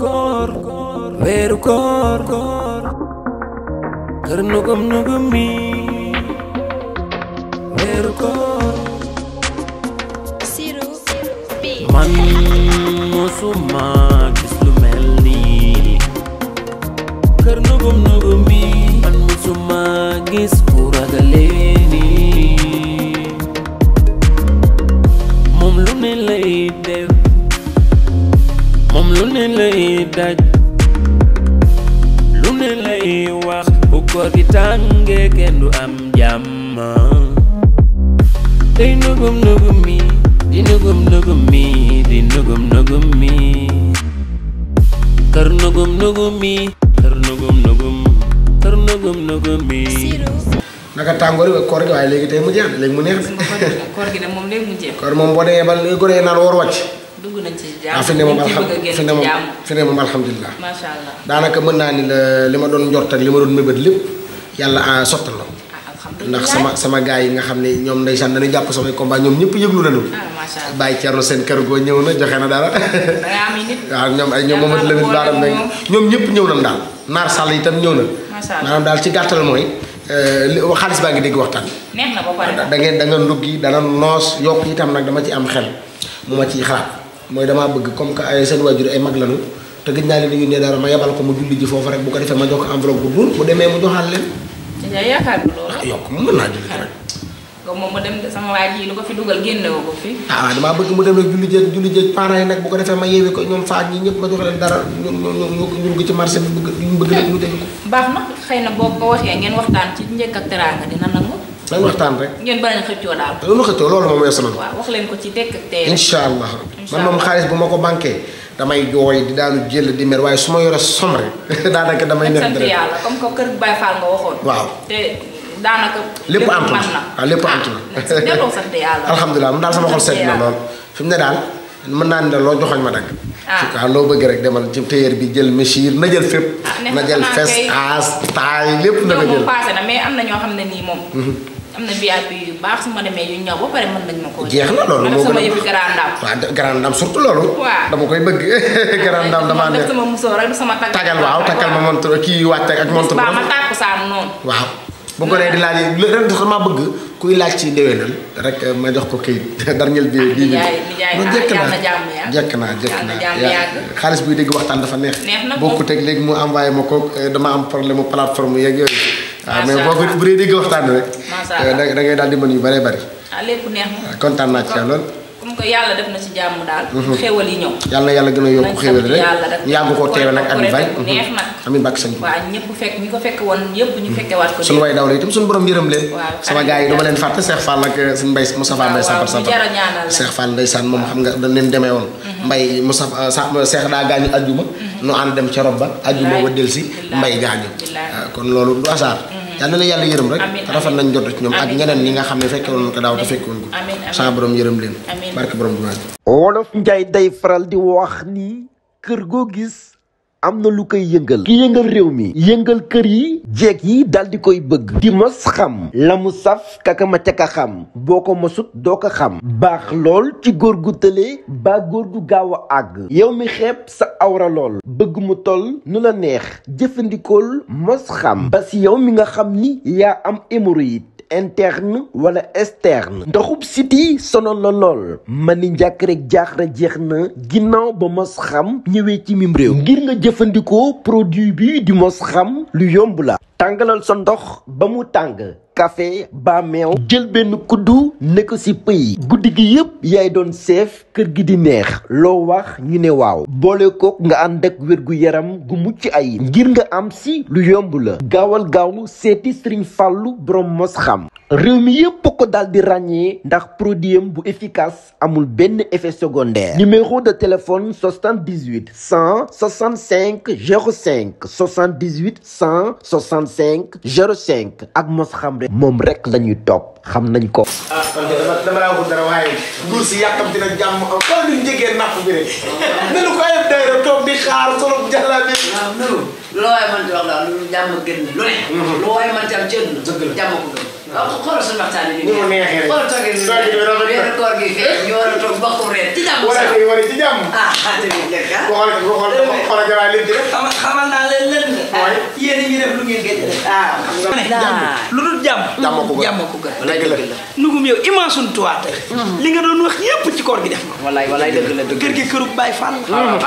kor kor kor kër nugum nugum mi weeru kor siru bi man musuma gis lu mel mi man gis lay mom lu ne lay daj lu ne lay wax bu ko di tangé kenn am jam day nugum nugum mi di nugum nugum mi di nugum nugum mi kar nugum nugum mi kar nugum nugum kar nugum nugum mi naka tangor bi kor gi way legi tay mu jeex legi mu neex kor gi ne mom léegi mu jeex kor mom bo demee ya, bal gore na naan wacc dugg nañ ci jàmm fi ah, ne moom fi ne moom fi ne moom alhamdulilah macha allah daanaka mën naa ni la li ma ah, ah, sama sama gars yi nga xam ne ñoom ndeysaan dañu jàpp samay combat ñoom ñëpp yëglu nañu bàyyi Thierno seen kër goo ñëw na joxe na dara waaw ñoom ay ñoom Mamadou Lamine baaram na ñoom ñëpp ñëw nañ daal naar sàll itam ñëw na maanaam daal ci gàttal mooy eh, xaalis baa mu ma ciy moy dama bëgg comme que ay seen wajur ay mag lañu te gëj naa leen ñu ne dara ma yabal ko mu julli ji fofu rek bu ko defé ma jox enveloppe bu dul bu démé mu joxal leen dañu yaakaar bu loolu ah, yok mu mëna julli rek ko mo mo dem sama waji lu ko fi dugal génne ko fi ah, ah dama bëgg mu dem rek julli jeeg julli jeeg parents yi nag bu ko defé ma yeewi ko ñom faat yi ñëpp ma jox leen dara ñu ñu ñu ngi ci marché bi bëgg ñu bëgg rek ñu dégg ko baax na xëy na ko waxee ngeen waxtaan ci njëkk ak teranga dina nangu nañ waxtaan rek ngeen bañ xëccio daal lu xëccio loolu mo weesu na waaw wax leen ko ci dekk ak inshallah man moom xaalis bu ma ko banqué damay jooy di daal jël di mer waaye su ma yore som rek daanaka damay nekk dara yàlla comme que kër Baye Fall nga waxoon waaw te daanaka lépp antu na waaw lépp antu na ah, ah, delloo sant yàlla daal sama xol ne daal mën naa ne loo joxoñ ma dagg waaw ah. loo bëgg rek demal ci téyeer bi jël mesure na jël fépp na jël fes as lépp na nga jël passé am na ñoo xam ne nii moom mhm. am na VIP yu baax su ma demee yu ñëw ba pare mën nañ ma koo. jeex na loolu moo gën sama yëfi grand dame. waaw grand dame surtout loolu. waaw dama koy bëgg. grand dame damaa nekk sama musóor rek sama tagal. tagal waaw tagal ma montre kii wàcc ak montre. ba ma tàkku saa noonu. waaw bu ko nee di laaj ren sax maa bëgg kuy laaj ci déwénal rek ma jox ko kayit darñel bi bii bi. loolu jekk naa jekk naa jekk naa xaalis buy dégg waxtaan dafa neex. neex na bokkut ak léegi mu envoyé ma ko euh, dama am problème mu plateforme yeeg yooyu waaw ah, mais boo bu dee dégg waxtaan rek. da ngay daal di mën yu bëree bëri. Ah, kontaan naa ci lool. comme que yàlla def na ci jàmm daal. Mhm. xéwal yi ñëw. yàlla yàlla gën a yokk xéwal rek ñu yàgg koo teewe nag amiin bay neex nag amiin bàkk sañ waaw ñëpp fekk ñi ko fekk woon yëpp ñu mhm. fekkewaat suñu borom yërëm leen sama gars yi dama leen fàtte Cheikh Fall ak suñu mbay Moustapha Mbaye Sampar Sampar Cheikh Fall ndeysaan moom xam nga dañ leen demee woon mhm. mbay Moustapha euh, euh, Cheikh daa gaañu ajjuma nu ànd dem ca rob ba ajjuma ba delsi mbay gaañu kon loolu du hasard yàlla na yàlla yërëm rek rafet nañ jot ci ñoom ak ñeneen ñi nga xam ne fekke woon ko daaw te fekke woon ko sa borom yërëm leen barke borom du wolof njaay day faral di wax nii kër goo gis am na lu koy yëngal ki yëngal réew mi yëngal kër yi jeeg yi dal di koy bëgg di mos xam la mu saf kaka ma ca ka xam boo ko mosut doo ko xam baax lool ci góor gu tëlee ba góor gu gaaw a àgg yow mi xepp sa awra lool bëgg mu toll nu la neex jëfandikool mos xam ba si yow mi nga xam ni yaa am hémorroïde interne wala externe ndoxub siti sonal na lool ma ni njàkk rek jaaxle jeex na ginnaaw ba mos xam ñëwee ci mim réew ngir nga jëfandikoo produit bi di mos xam lu yomb la tàngalal sa ndox ba mu tàng café ba meew jël benn kuddu ne ko si guddi gi yëpp yaay doon seef kër gi di neex loo wax ñu ne waaw boole ko nga ànd ak wér yaram gu mucc ay ngir nga am si lu yomb la gaawal gaaw seeti Serigne Fallou borom mos xam réew mi yëpp ko daal di ràññee ndax produit am bu efficace amul benn effet secondaire numéro de téléphone 78 165 05 78 165 05 ak mos xam moom rekk la ñuy topp xam nañ ko. ah man de dama dama laa dara waaye. nguur si yàkkamti na jàmm am. wala ñu njëkkee napp bi rek. ko ayib dayra toog di solo jàllale. Ah, waaw melu. lu la waay man di wax daal lu jàmm waaw xoolal suñu waxtaan yi. ni mu neexee rek xoolal toogee nii koor gi fee ñu war a toog waxtu reer ci jàmm. wala tey wala ci jàmm. ah tamit dëgg ah. boo xoolee boo xoolee xoolal garaay leen di rek. xamal xamal naa leen leen de. waaye yéen a ngi def lu ngeen gëj rek. ah, ah xam nga lu dul jàmm. jàmm ko gën jàmm ko gën. dëgg la nugum yow immense suñu tuwaat tey. Mm-hmm. li nga doon wax yépp ci koor gi def nga. walaay walaay dëgg la dëgg la kër gi këru Baye Fall.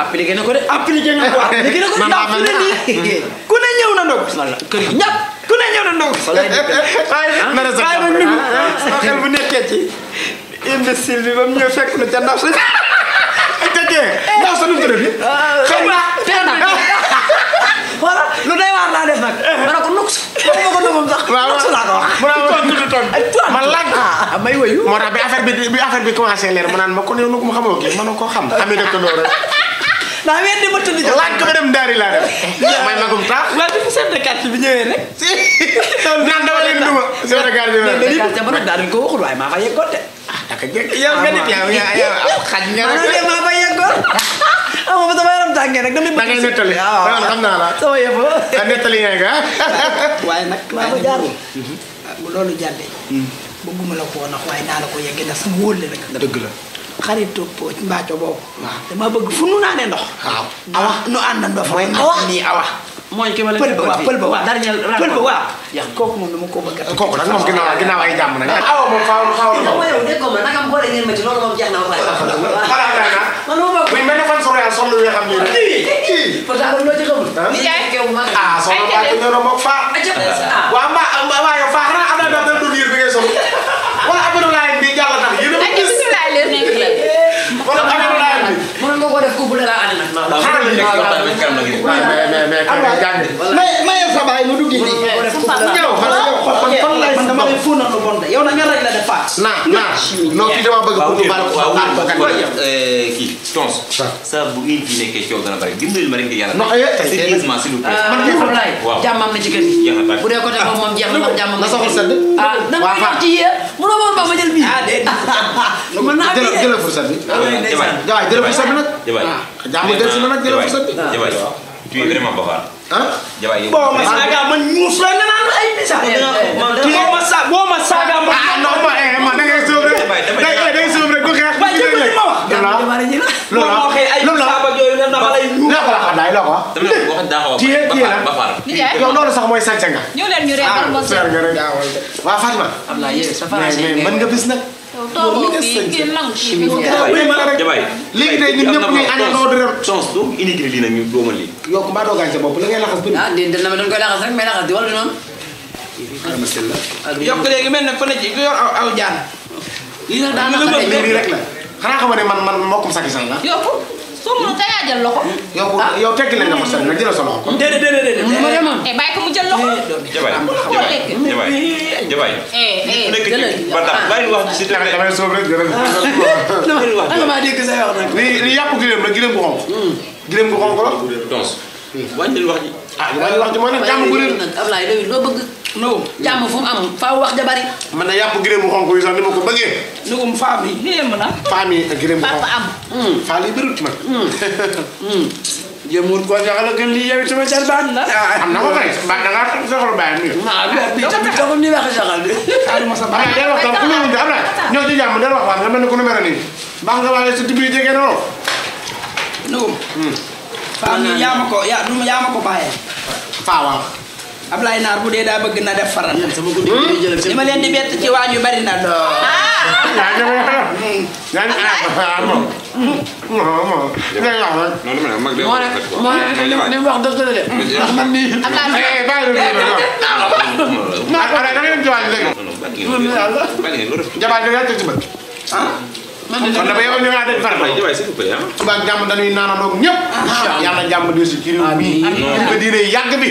appliqué na ko de appliqué na ko. appliqué na ko ndax ku ne ñëw na ndogu kër gi ñàpp ku ne ñëw na nangu. walaay dëgg la bu nekkee ci imbécile sa nu mu tuddati. Ah. Ah. ma ne ko nuks ma ko nugum ah, may wayu moo tax bi affaire bi bi leer mu naan ma ko ne nu mu xamoo kii ma ne koo xam. xam ne dëkk loolu rek. Nah, weddi ma tudd jot laaj ko dem daari laa def may magum taaf waa bi chef de quartier bi ñëwee rek si naan dama leen duma chef de quartier bi dañuy quartier ba nag daal ko waxul waaye maa fa yeggoon de nga nit yow yow xaj nga rek maa fa yeggoon amu ma sama yaram tàngee nag damay bëgg nettali waaw xam naa la sama yëf la nettali ngay nga waaye nag maa fa jaarul bu loolu jàddee bëgguma la ko nax waaye naa la ko yeggee ndax sama wóor la dëgg la xaritu mbaaco boobu. waaw dama bëgg fu nu naanee ndox. waaw awa nu àndandoo fa. mooy awa nii awa. mooy ki ma la pël ba waaw pël ba waaw. dernier pël ba waaw. yaa kooku moom dama ko bëgg a. kooku nag moom ginnaaw ginnaaw ay jàmm nag. awa moom faaw faaw na ma. yow déggoo ma naka ma boole ngeen ma ci loolu moom jeex na ma pare. xalaat naa naa. man ma bëgg. buñ mel ne fan soxla yaa soxla yoo xam ne. pourtant loolu loo ci xamul. ni jaay kew ma. ah soxna Mbacke ñoo doon moog faa. waa mbaa waa yow faa xanaa am naa daal dund yër bi ngay soxla wala abdoulaye yow nag nga rek la def faat. naa naa non kii dama bëgg pour baal ko kii tons. saa bu ngeen ci nekkee coow dana bari dimbali ma rek di yàlla. non sérieusement s'il vous plaît. man kii Ablaye jàmmam na ci kër gi. bu dee côté boobu moom jeex na moom jàmmam na. na soxal sedd. ah na ma ci yéen. mu ne woon ba ma jël bii. ah déedéet. mën naa bii de jëlal fursa bi. jawaay ah, ah, jëlal fursa bi nag. jawaay ah, jaamu del si ma nag jëlal fursa bi. jawaay tu es vraiment bavard. ah jawaay boo ma saaga man muus la nga naan ay pisa. Eh, eh, eh, boo ma sa boo ma saaga man. ah non ma eh ma da ngay sóob rek. da ngay sóob rek ku xeex. waaye jël li ma wax. loolu la loolu la loolu la loolu la loolu la loolu la loolu la loolu la loolu la loolu la loolu la téye téye la yow loolu sax mooy sànce ah, waa Fatima. am naa sa faras nga bis nag. loolu léegi tey ñun ñëpp ñuy ànd noo di rem. chance doo initié lii nag ñu doomal lii. yow ku maa doo gàncax a la ngay laxas bëri. ah déedéet dama doon koy laxas lii nag rek la xanaa xam ne man man mokkum sakki sax la sumb te yaa jël loxo. yow ah. yow tekki nañ la ko sori nga jëlal sa loxo. déedéet déedéet eh, mu eh, bàyyi ko mu jël loxo. jabaay jabaay jabaay. nekk ci ba tax ah. bàyyi wax ci dama damay soob rek gërëm. dama maa dégg sa wax nag. li li yàpp gileem la gileem bu xonq. Hmm. gileem bu xonq la. donc hmm. wàññil wax ji. ah wàññil wax ji moo ne jàmm bu réer. Ablaye loo bëgg. no jam fu am fa wax ja bari man na yap gërëm bu yi sax nima ko beugé nu um faam yi nee ma na faam yi ak gërëm bu xonk am hmm. faal yi hmm man hmm. jëmur ko jaxal gën li yewi sama jar baat la ah, ah. am na ko kay ba da nga soxlu baay mi ma bi bi ko ni wax jaxal bi ari ah, ma sa baay da wax tam ku ñu am la ñoo ci jàmm del wax wax dama ne ko numéro ni ba nga waale su tibbi jégué no no hmm. fa ni yaama ko ya duma yaama ko fa faawa Ablaye Naar bu dee daa bëgg na def faral. li ma leen di bett ci waañ yu bari na lool. moo wax dëgg la de. ndax man mii. Ablaye Naar kon dafa yow ñu ngaa def farata suba ak ah, jàmm a naanandoo ñëpp yàlla jàmm di si ci réew mi ko diine yi yàgg bi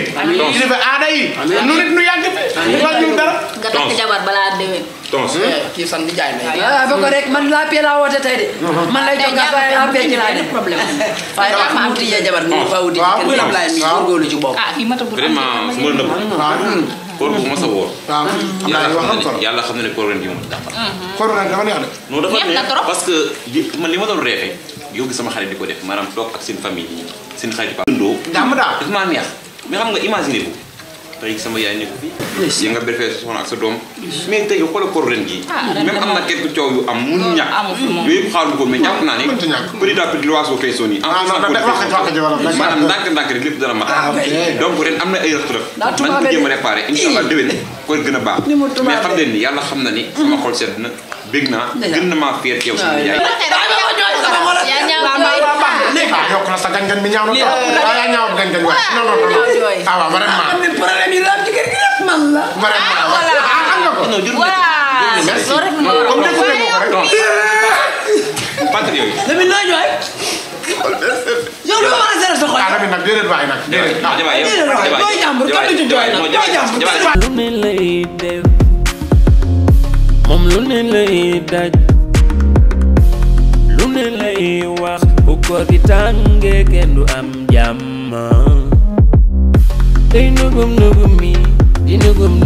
ci defe aada yi nu nit nu yàgg bi ñu wàññi dara nga takk jabar balaa déwén tons eh, kii san di jaay na ah, ba ko rek man laa pee laa woote tey de uh-huh. man lay jox gafa laa pee ci laa de problème waaye dafa am tije jabar ni fa wuti kenn lay mi góorgóorlu ci bopp ah fi mata bu vraiment koor bu mos a woor. Ah, waaw yàlla xam na ne koor ren gi moom dàqal. Mm-hmm. koor ren dafa neex de. non dafa neex parce que li man li ma doon reefe yow gis sama xarit di ko def maanaam toog ak seen famille yi seen xarit. dundoo jàmm daal dafa maa neex mais xam nga imaginer bu tay sama yaay ne ko fi yi nga berfé soxna ak sa dom mais tay xol ko ren gi même amna quelque ciow yu am mu ñak yoy xaru ko mais ñak na ni petit à petit loaso fay soni ah non da wax wax ji wala manam ndank ndank rek lepp dara ma donc ren amna ay retour man ko jëm réparer inshallah dewen ko gëna baax mais xam leen ni yalla xam na ni sama xol sedd na bég ma fier yow sama yaay ayo yok na sa gangan mi ñaaw na trop ay ñaaw no no non no ñoy yow do wara zéro sa xol ah lami nak dédét bay nak dédét ah jaba yow jaba doy jambur kan du doy nak doy mom lu ne lay daj lu ne lay wax kori tange kendo am jam Inugum nugumi, inugum